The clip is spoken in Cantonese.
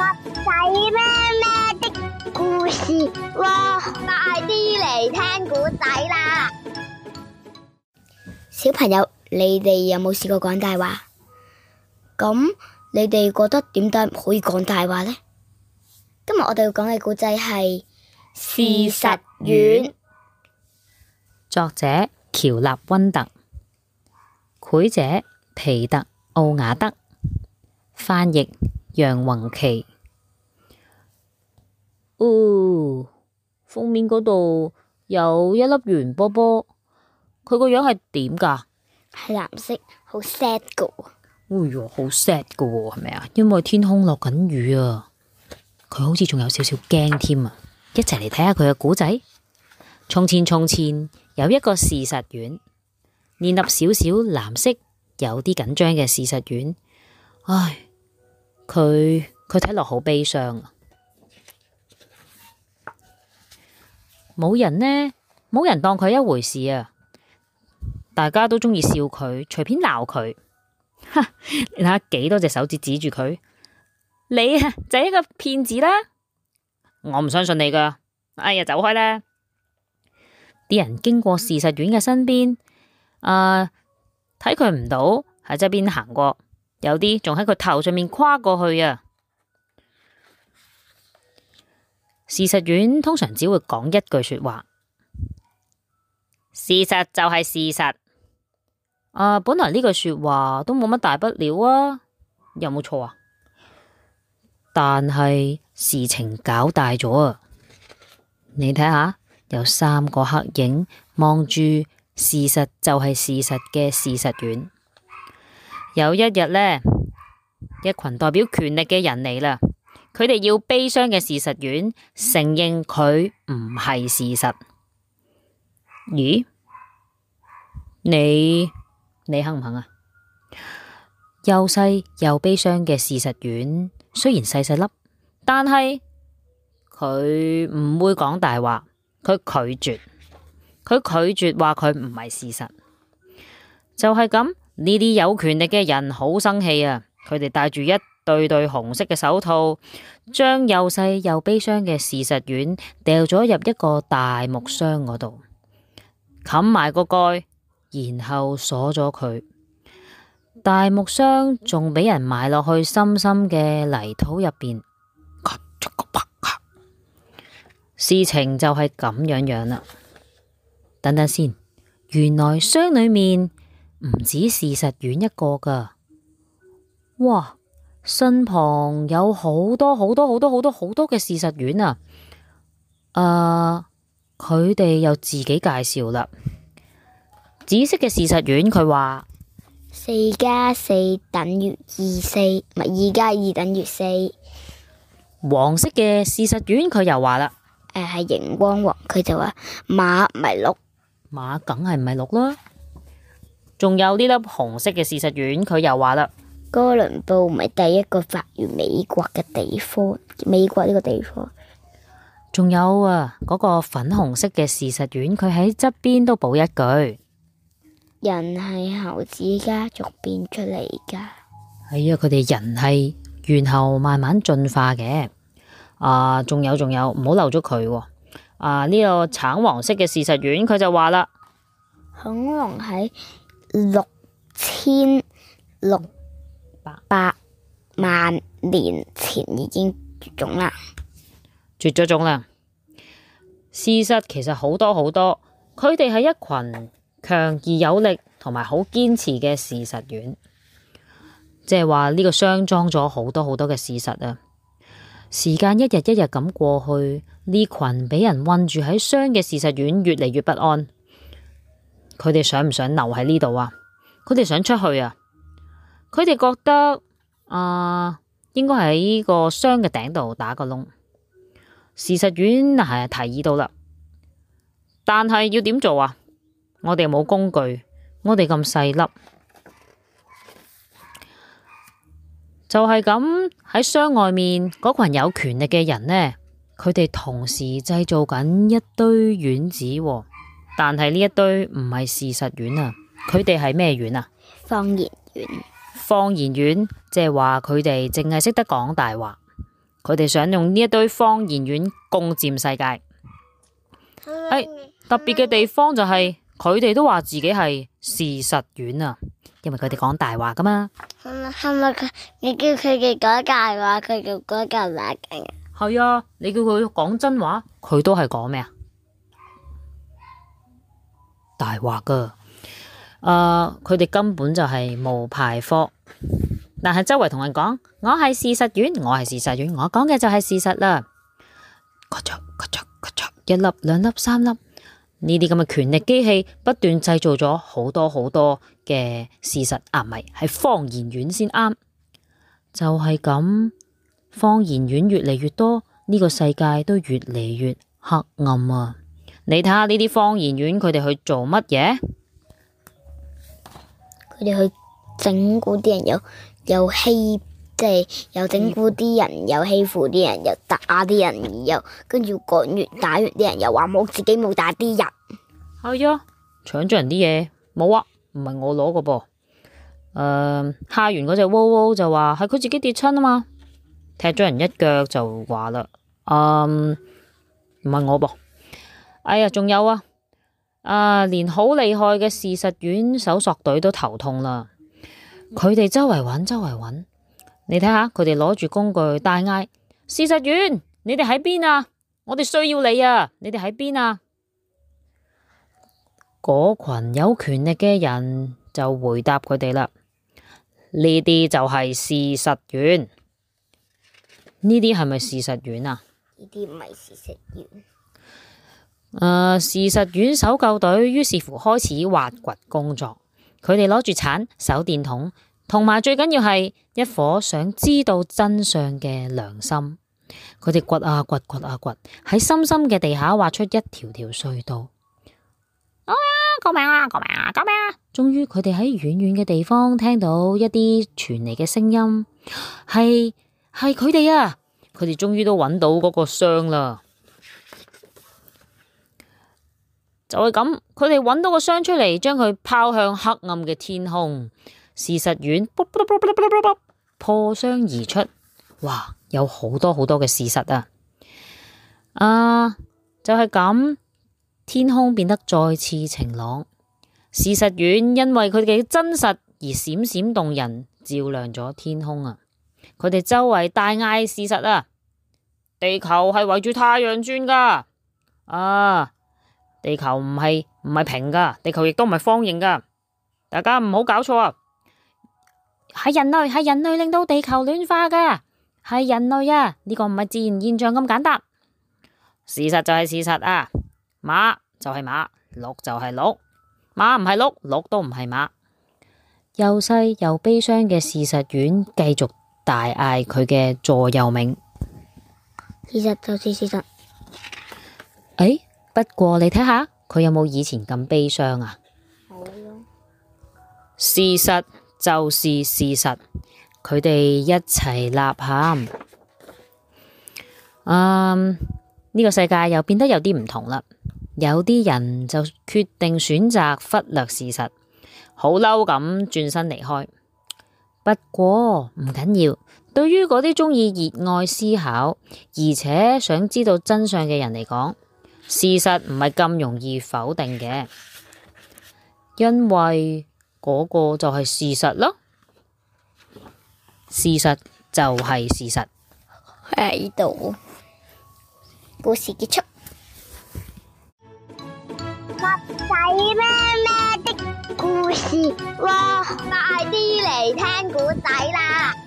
仔咩咩的故事，哇！快啲嚟聽古仔啦，小朋友，你哋有冇試過講大話？咁你哋覺得點解唔可以講大話呢？今日我哋要講嘅古仔係《事實丸》，作者喬納溫特，繪者皮特奧瓦德，翻譯楊宏奇。哦，封面嗰度有一粒圓波波，佢個樣係點噶？係藍色，好 sad 噶。哎喲，好 sad 噶，係咪啊？因為天空落緊雨啊，佢好似仲有少少驚添啊！一齊嚟睇下佢嘅故仔。從前從前有一個事實丸，年粒少少藍色，有啲緊張嘅事實丸。唉，佢佢睇落好悲傷啊。冇人呢，冇人當佢一回事啊！大家都鍾意笑佢，隨便鬧佢。哈，你睇下幾多隻手指指住佢，你啊，就係一個騙子啦！我唔相信你噶。哎呀，走開啦！啲人經過事實丸嘅身邊，誒、呃，睇佢唔到喺側邊行過，有啲仲喺佢頭上面跨過去啊！事實丸通常只會講一句說話，事實就係事實。誒、啊，本來呢句說話都冇乜大不了啊，有冇錯啊？但係事情搞大咗啊！你睇下，有三個黑影望住事實就係事實嘅事實丸。有一日呢，一群代表權力嘅人嚟啦。佢哋要悲傷嘅事實丸承認佢唔係事實。咦？你你肯唔肯啊？又細又悲傷嘅事實丸雖然細細粒，但係佢唔會講大話。佢拒絕，佢拒絕話佢唔係事實。就係、是、咁，呢啲有權力嘅人好生氣啊！佢哋帶住一。對對紅色嘅手套，將又細又悲傷嘅事實丸掉咗入一個大木箱嗰度，冚埋個蓋，然後鎖咗佢。大木箱仲俾人埋落去深深嘅泥土入邊。 事情就係咁樣樣啦。等等先，原來箱裏面唔止事實丸一個噶，哇！身旁有好多好多好多好多好多嘅事實丸啊！誒、呃，佢哋又自己介紹啦。紫色嘅事實丸佢話：四加四等於二四，唔係二加二等於四。2 4, 2黃色嘅事實丸佢又話啦：誒、呃，係熒光黃，佢就話馬唔係鹿，馬梗係唔係鹿啦。仲有呢粒紅色嘅事實丸，佢又話啦。哥倫布唔係第一個發現美國嘅地方，美國呢個地方。仲有啊，嗰、那個粉紅色嘅事實丸，佢喺側邊都補一句：人係猴子家族變出嚟噶。係啊、哎，佢哋人係猿猴慢慢進化嘅。啊，仲有仲有，唔好漏咗佢。啊，呢、這個橙黃色嘅事實丸，佢就話啦：恐龍喺六千六。八萬年前已經絕種啦，絕咗種啦。事實其實好多好多，佢哋係一群強而有力同埋好堅持嘅事實丸，即係話呢個箱裝咗好多好多嘅事實啊。時間一日一日咁過去，呢群俾人困住喺箱嘅事實丸越嚟越不安，佢哋想唔想留喺呢度啊？佢哋想出去啊！佢哋覺得啊、呃，應該喺個箱嘅頂度打個窿。事實丸係提議到啦，但係要點做啊？我哋冇工具，我哋咁細粒，就係咁喺箱外面嗰群有權力嘅人呢？佢哋同時製造緊一堆丸子，但係呢一堆唔係事實丸啊，佢哋係咩丸啊？謊言丸。謊言丸，即係話佢哋淨係識得講大話，佢哋想用呢一堆謊言丸攻占世界。唉特別嘅地方就係佢哋都話自己係事實丸啊，因為佢哋講大話㗎嘛。係咪？你叫佢哋講大話，佢就講咁難聽。係啊，你叫佢講真話，佢都係講咩啊？大話㗎。誒，佢哋、uh, 根本就係冒牌貨，但係周圍同人講我係事實丸，我係事實丸，我講嘅就係事實啦。一粒兩粒三粒呢啲咁嘅權力機器不斷製造咗好多好多嘅事實啊，唔係係謊言丸先啱，就係、是、咁謊言丸越嚟越多，呢、這個世界都越嚟越黑暗啊！你睇下呢啲謊言丸，佢哋去做乜嘢？佢哋去整蠱啲人，又又欺，即係又整蠱啲人，又欺負啲人，又打啲人，又跟住講完打完啲人,人，又話冇自己冇打啲人。係啊搶咗人啲嘢冇啊，唔係我攞嘅噃。誒、嗯，吓完嗰隻窩窩就話係佢自己跌親啊嘛，踢咗人一腳就話啦。啊唔係我噃。哎呀，仲有啊。啊！連好厲害嘅事實丸搜索隊都頭痛啦。佢哋周圍揾，周圍揾。你睇下，佢哋攞住工具大嗌：嗯、事實丸，你哋喺邊啊？我哋需要你啊！你哋喺邊啊？嗰群有權力嘅人就回答佢哋啦。呢啲就係事實丸。」呢啲係咪事實丸啊？呢啲唔係事實丸。呃、事實丸搜救隊於是乎開始挖掘工作，佢哋攞住鏟、手電筒，同埋最緊要係一顆想知道真相嘅良心。佢哋掘啊掘、啊啊，掘啊掘，喺深深嘅地下挖出一條條隧道。救命啊！救命啊！救命啊！救命、啊、終於，佢哋喺遠遠嘅地方聽到一啲傳嚟嘅聲音，係係佢哋啊！佢哋終於都揾到嗰個箱啦。就係咁，佢哋揾到個箱出嚟，將佢拋向黑暗嘅天空。事實丸破箱而出，哇，有好多好多嘅事實啊！啊，就係咁，天空變得再次晴朗。事實丸因為佢嘅真實而閃閃動人，照亮咗天空啊！佢哋周圍大嗌事實啊！地球係圍住太陽轉噶啊！地球唔係唔係平噶，地球亦都唔係方形噶，大家唔好搞錯啊！係人類，係人類令到地球暖化噶，係人類啊！呢個唔係自然現象咁簡單，事實就係事實啊！馬就係馬，鹿就係鹿，鹿，鹿，馬唔係鹿，鹿都唔係馬。又細又悲傷嘅事實丸繼續大嗌佢嘅座右銘，事實就是事實。欸！不過你睇下佢有冇以前咁悲傷啊？ 事實就是事實，佢哋一齊吶喊。嗯，呢個世界又變得有啲唔同啦。有啲人就決定選擇忽略事實，好嬲咁轉身離開。不過唔緊要，對於嗰啲鍾意熱愛思考而且想知道真相嘅人嚟講。事實唔係咁容易否定嘅，因為嗰個就係事實咯。事實就係事實喺度，故事結束。襪仔咩咩的故事？哇！快啲嚟聽古仔啦！